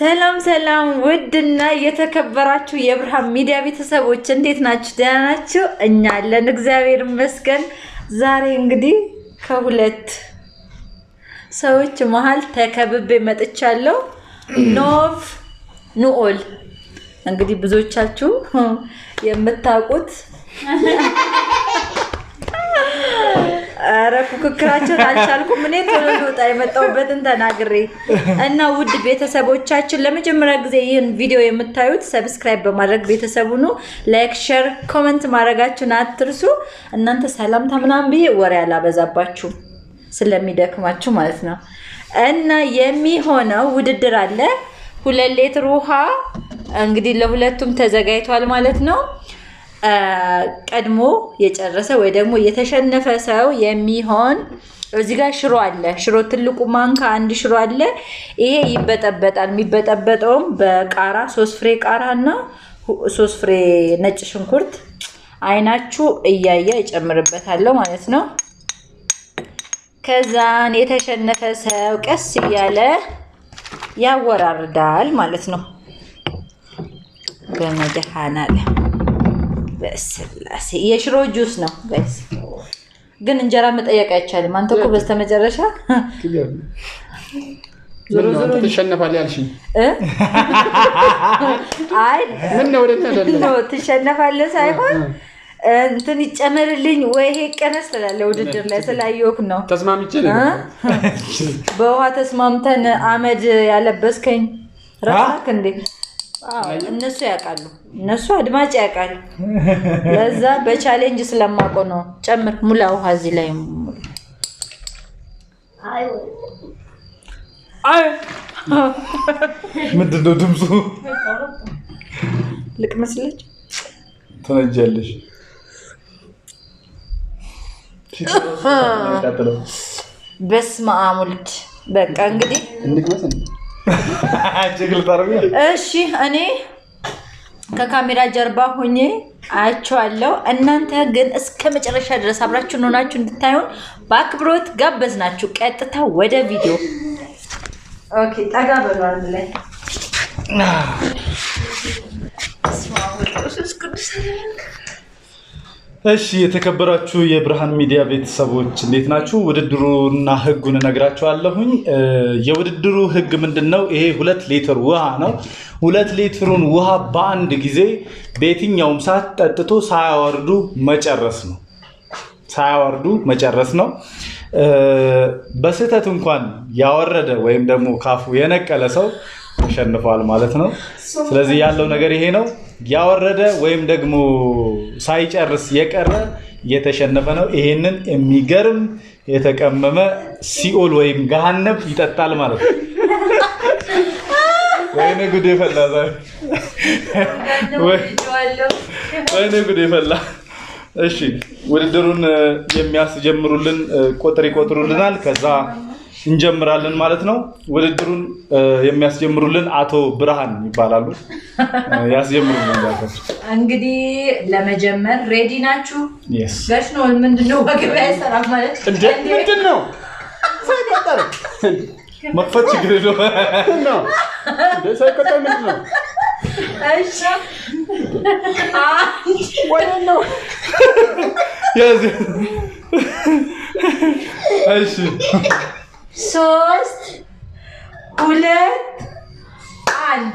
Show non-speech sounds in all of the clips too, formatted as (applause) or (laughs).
ሰላም ሰላም፣ ውድና የተከበራችሁ የብርሃን ሚዲያ ቤተሰቦች እንዴት ናችሁ? ደህና ናችሁ? እኛ አለን እግዚአብሔር ይመስገን። ዛሬ እንግዲህ ከሁለት ሰዎች መሀል ተከብቤ መጥቻለሁ። ኖቭ ኑኦል እንግዲህ ብዙዎቻችሁ የምታውቁት ኧረ ፉክክራቸውን አልቻልኩም። እኔ ቶሎ ልወጣ የመጣሁበትን ተናግሬ እና ውድ ቤተሰቦቻችን ለመጀመሪያ ጊዜ ይህን ቪዲዮ የምታዩት ሰብስክራይብ በማድረግ ቤተሰቡ ነው። ላይክ፣ ሼር፣ ኮመንት ማድረጋችሁን አትርሱ። እናንተ ሰላምታ ምናምን ብዬ ወሬ አላበዛባችሁ ስለሚደክማችሁ ማለት ነው። እና የሚሆነው ውድድር አለ። ሁለት ሌትር ውሃ እንግዲህ ለሁለቱም ተዘጋጅቷል ማለት ነው። ቀድሞ የጨረሰ ወይ ደግሞ የተሸነፈ ሰው የሚሆን እዚህ ጋር ሽሮ አለ። ሽሮ ትልቁ ማንካ አንድ ሽሮ አለ። ይሄ ይበጠበጣል። የሚበጠበጠውም በቃራ ሶስት ፍሬ ቃራ እና ሶስት ፍሬ ነጭ ሽንኩርት አይናችሁ እያየ ይጨምርበታለሁ ማለት ነው። ከዛን የተሸነፈ ሰው ቀስ እያለ ያወራርዳል ማለት ነው። በመድኃኔዓለም በስላሴ የሽሮ ጁስ ነው ግን እንጀራ መጠየቅ አይቻልም። አንተ እኮ በስተመጨረሻ ትሸነፋለህ ያልሽኝ፣ አይ ሳይሆን እንትን ይጨመርልኝ ወይ ይሄ ቀነስ ትላለህ። ውድድር ላይ ስላየሁህ ነው። ተስማምቼ በውሃ ተስማምተን አመድ ያለበስከኝ ረሳክ እንዴ? እነሱ ያውቃሉ፣ እነሱ አድማጭ ያውቃሉ። ለዛ በቻሌንጅ ስለማቆ ነው። ጨምር ሙላ ውሃ እዚህ ላይ ምንድን ነው ድምፁ? ልቅ መስለች ትነጃለሽ። በስመ አብ ወልድ በቃ እንግዲህ እሺ እኔ ከካሜራ ጀርባ ሆኜ አያቸዋለሁ። እናንተ ግን እስከ መጨረሻ ድረስ አብራችሁን ሆናችሁ እንድታዩን በአክብሮት ጋበዝ ናችሁ። ቀጥታ ወደ ቪዲዮ ጠጋ በሉ አንድ ላይ እሺ የተከበራችሁ የብርሃን ሚዲያ ቤተሰቦች እንዴት ናችሁ? ውድድሩና ህጉን እነግራችኋለሁኝ። የውድድሩ ህግ ምንድን ነው? ይሄ ሁለት ሊትር ውሃ ነው። ሁለት ሊትሩን ውሃ በአንድ ጊዜ በየትኛውም ሰዓት ጠጥቶ ሳያወርዱ መጨረስ ነው። ሳያወርዱ መጨረስ ነው። በስህተት እንኳን ያወረደ ወይም ደግሞ ካፉ የነቀለ ሰው ተሸንፏል ማለት ነው። ስለዚህ ያለው ነገር ይሄ ነው። ያወረደ ወይም ደግሞ ሳይጨርስ የቀረ የተሸነፈ ነው። ይሄንን የሚገርም የተቀመመ ሲኦል ወይም ገሃነብ ይጠጣል ማለት ነው። ወይኔ ጉዴ ፈላ! ወይኔ ጉዴ ፈላ! እሺ ውድድሩን የሚያስጀምሩልን ቁጥር ይቆጥሩልናል ከዛ እንጀምራለን ማለት ነው። ውድድሩን የሚያስጀምሩልን አቶ ብርሃን ይባላሉ። ያስጀምሩልን። እንግዲህ ለመጀመር ሬዲ ናችሁ? ገሽ ነው። ምንድነው በገበያ ሰራ ማለት ምንድን ነው? መክፈት ችግር ነው። ሳይቆጠር ምንድን ነው? እሺ ሶስት ሁለት አንድ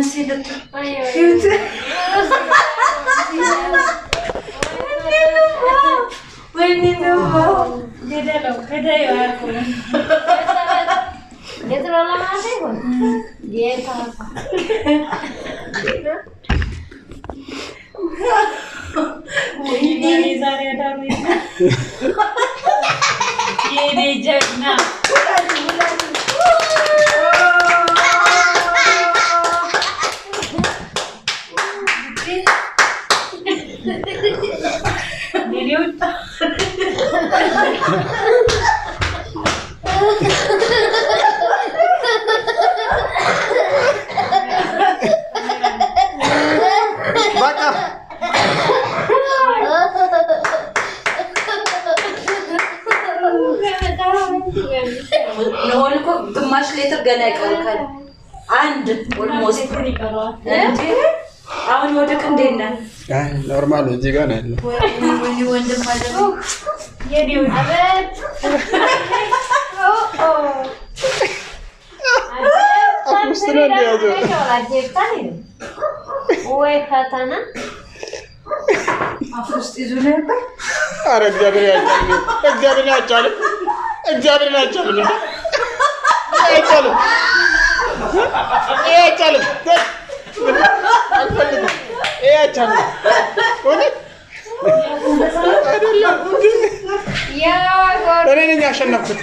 Ini pa yun. Nino lama Ini (laughs) jad 寝れよった。(laughs) ወደቅ እንዴት ነህ? ኖርማል እዚህ ጋር ነው ያለው። ወይ ፈተና አፍ ውስጥ ይዞ ነበር። ኧረ እግዚአብሔር ያጫል፣ እግዚአብሔር ያጫል፣ እግዚአብሔር ያጫል፣ ያጫል፣ ያጫል አልፈልግም እኔ ነኝ ያሸነፍኩት።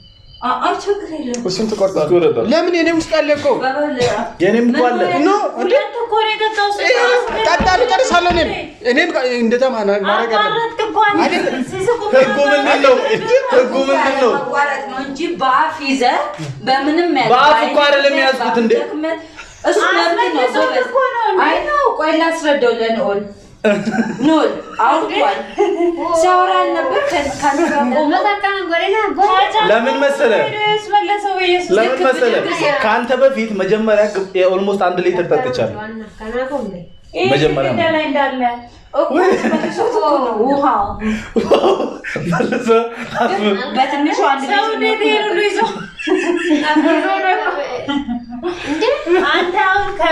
እሱን ትቆርጣለህ። ለምን የኔ ውስጥ አለ እኮ የኔም እኮ አለ። ቀጣ ልጨርሳለሁ። እኔም እንደዛ ማድረግ ህጉ ምንድን ነው እንጂ በአፍ ይዘህ በምንም በአፍ እኮ አይደለም የያዝኩት እንደ እሱ ለምንድን ነው? ቆይ ላስረዳው ለንኦል ኑል አውቋል። ለምን መሰለህ ከአንተ በፊት መጀመሪያ ኦልሞስት አንድ ሊትር ጠጥቻለሁ። መጀመሪያ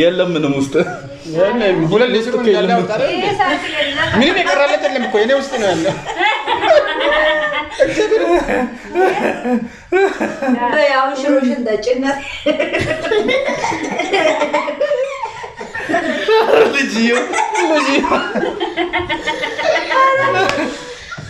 የለም ምንም ውስጥ ሁለት ሊስት እኮ የለም። ምንም የቀራለት የለም እኮ የኔ ውስጥ ነው ያለው። ያው ሽሮሽን ጠጭነት ልጅዮ ልጅዮ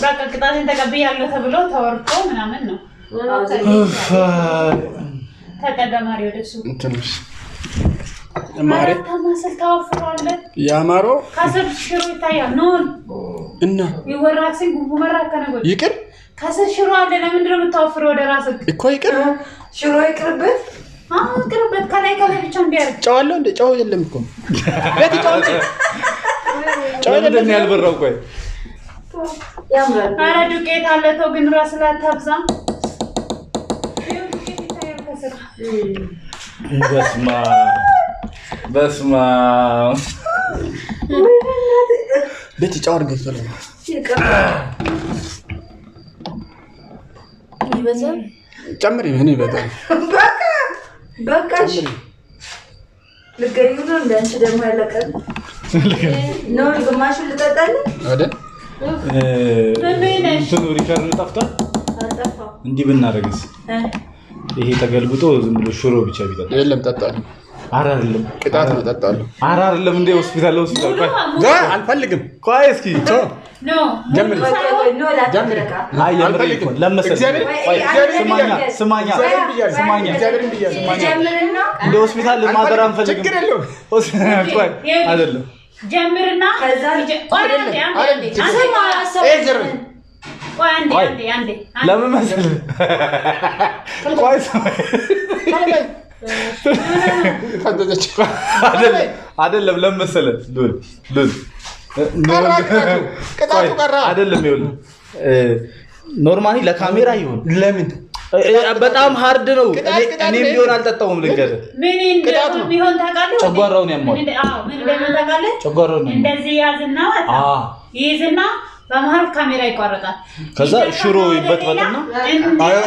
በቃ ቅጣቴን ተቀብያለሁ ተብሎ ተወርዶ ምናምን ነው ተቀዳማሪ ወደሱ የአማሮ ከስር ሽሮ ይታያል። ኖን እና ይወራስን ጉቡ መራ ከነጎ ይቅር ከስር ሽሮ አለ። ለምንድን የምታወፍረው? ወደ ራስህ እኮ ይቅር ሽሮ ይቅርበት፣ ይቅርበት። ከላይ ከላይ ብቻ ጨው አለው እንደ ጨው የለም እኮ ምንድን ነው ያልበራው? ቆይ ዱቄት አለ ተው ግን እራስህ ላታብዛም። በስመ አብ በስመ አብ ቤት ጨምሪ። ምን በጣም በቃ በቃ ልገኙ ነው እንዳንቺ ደግሞ ያለቀን እንዲህ ብናደርግስ ይሄ ተገልብጦ ዝም ብሎ ሽሮ ብቻ ቢጠጣ የለም ጠጣለሁ። ኧረ አይደለም ቅጣት ነው ጠጣለሁ ኧረ አይደለም እንደ ሆስፒታል ሆስፒታል። ቆይ አልፈልግም። ቆይ እስኪ ስማኛ ስማኛ ስማኛ ሆስፒታል ማደር አንፈልግም። (laughs) ቆይ አይደለም ጀምርና ለምን መሰለህ? አይደለም ለምን አይደለም ይኸውልህ፣ ለካሜራ ይሁን ለምን በጣም ሀርድ ነው። እኔ ቢሆን አልጠጣውም። ልንገርህ ቢሆን ታውቃለህ፣ ጨጓራውን ያሟል። ጨጓራውን እንደዚህ ያዝና ወጣ ይዝና በመሀል ካሜራ ይቋረጣል። ከዛ ሽሮ ይበጥበጥና ኧረ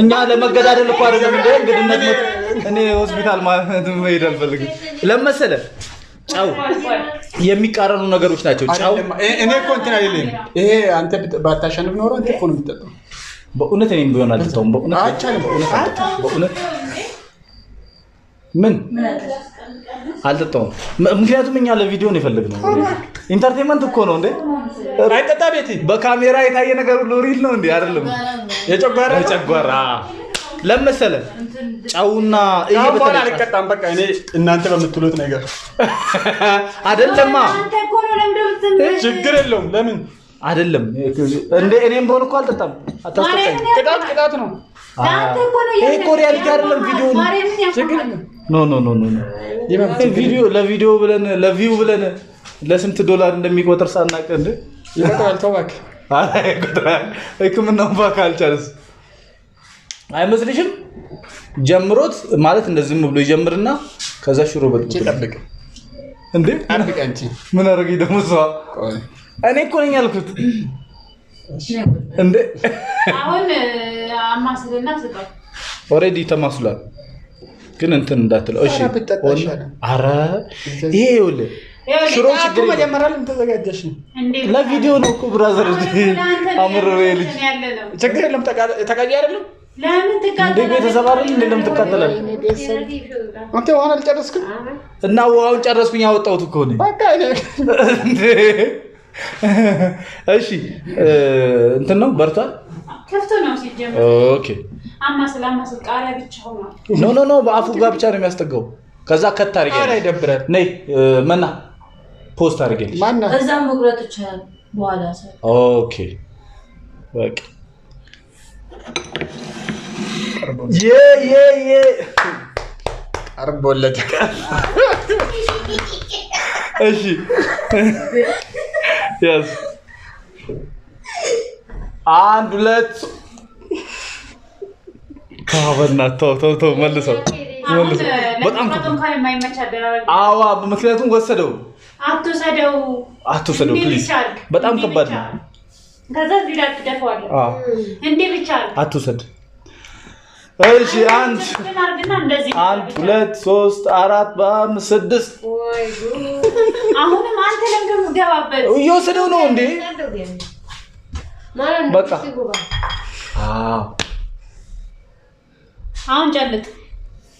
እኛ ለመገዳደል እኮ አይደለም። እንደ እንግድነት እኔ ሆስፒታል ማለት መሄድ አልፈልግም። ለመሰለህ ጨው የሚቃረኑ ነገሮች ናቸው። ጨው እኔ እኮ እንትን አይደለም። ይሄ አንተ ባታሸንፍ ኖሮ አንተ እኮ ነው የምትጠጣው በእውነት እኔም ቢሆን አልተውም። በእውነት ምን አልጠጣውም። ምክንያቱም እኛ ለቪዲዮ ነው የፈለግነው። ኢንተርቴንመንት እኮ ነው እንዴ! አይጠጣ ቤት በካሜራ የታየ ነገር ሁሉ ሪል ነው እንዴ? አይደለም። የጨጓራ የጨጓራ ለመሰለ ጨውና በኋላ አልቀጣም። በቃ እኔ እናንተ በምትሉት ነገር (laughs) አይደለማ። ችግር የለውም ለምን አይደለም እንደ እኔም በሆነ እኮ አልጠጣም። አታስጠጣኝ። ቅጣት ቅጣት ነው። ይሄ እኮ ሪያሊቲ አይደለም። ቪዲዮ ለቪዲዮ ብለን ለቪው ብለን ለስንት ዶላር እንደሚቆጥር ሳናቅ እንደ ይቆጥራል። ተው እባክህ ሕክምናውን እባክህ አልቻለስ አይመስልሽም? ጀምሮት ማለት እንደዚህም ብሎ ይጀምርና ከዛ ሽሮ በል እንደ ምን አደረገኝ ደግሞ እሷ እኔ እኮ ነኝ ያልኩት። አሁን አማስልና ኦልሬዲ ተማስሏል፣ ግን እንትን እንዳትለው። እሺ አረ ይሄ ይኸውልህ ሽሮ ችግር መጀመሪያ ተዘጋጀሽ ለቪዲዮ ነው እኮ ብራዘር፣ አምሮ ልጅ ችግር የለም። ተቃየ አይደለም እንደ ቤተሰብ አይደል እንደለም ትቃጠላል። አንተ ውሃን አልጨረስክም እና ውሃውን ጨረስኩኝ ያወጣሁት ከሆነ (laughs) እሺ እንትን ነው በርቷል። ከፍቶ ነው ሲጀምር። ቃሪያ ብቻ ሆኗል። ኖ ኖ ኖ በአፉ ጋር ብቻ ነው የሚያስጠጋው። ከዛ ከት አድርጌ ነይ መና ፖስት አድርጌልሽ እዛም እሺ አንድ ሁለት ካበና ተው ተው ተው መልሰው መልሰው። በጣም አዋ ምክንያቱም ወሰደው። አትወሰደው አትወሰደው፣ ፕሊዝ በጣም ከባድ ነው። ከዛ እዚህ ላይ ትደፋዋለህ። እንዴ ብቻ እሺ አንድ አንድ ሁለት ሶስት አራት በአምስት ስድስት እየወሰደው ነው እንዴ? በቃ አሁን ጨልጥ።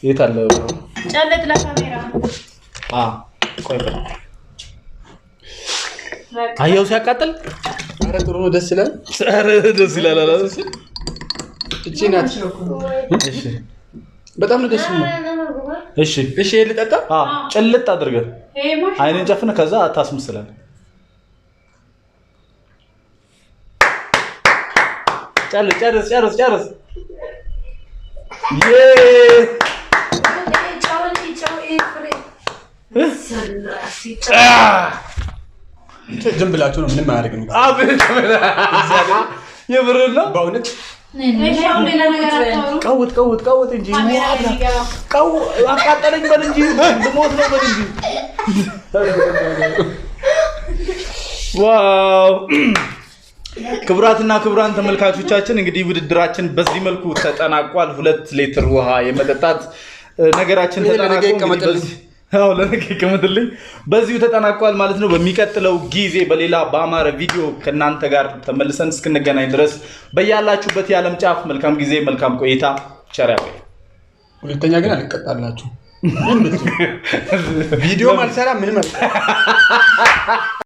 የት አለ ጨልጥ? ለካሜራ አየው ሲያቃጥል። ኧረ ጥሩ ነው፣ ደስ ይላል። ኧረ ደስ ይላል። እቺ ናት። በጣም ነው ደስ የሚለው። እሺ እሺ፣ ልጠጣ? አዎ፣ ጭልጥ አድርገህ አይንን ጨፍነህ ከዛ አታስመስለን። ጨርስ ጨርስ ጨርስ ጨርስ። ዝም ብላችሁ ነው ምንም አያደርግም። የምር ነው በእውነት ቀውጥ ቀውጥ ቀውጥ እንጂ አቃጠለኝ በል እንጂ ልሞት ነው በል እንጂ። ዋው ክቡራትና ክቡራን ተመልካቾቻችን እንግዲህ ውድድራችን በዚህ መልኩ ተጠናቋል። ሁለት ሌትር ውሃ የመጠጣት ነገራችን ተጠናቆ አዎ ለንክክምትልኝ በዚሁ ተጠናቋል ማለት ነው። በሚቀጥለው ጊዜ በሌላ በአማረ ቪዲዮ ከእናንተ ጋር ተመልሰን እስክንገናኝ ድረስ በያላችሁበት የዓለም ጫፍ መልካም ጊዜ፣ መልካም ቆይታ። ቸር ያቆይ። ሁለተኛ ግን አልቀጣላችሁ ቪዲዮ ምን ምንም (laughs) (laughs)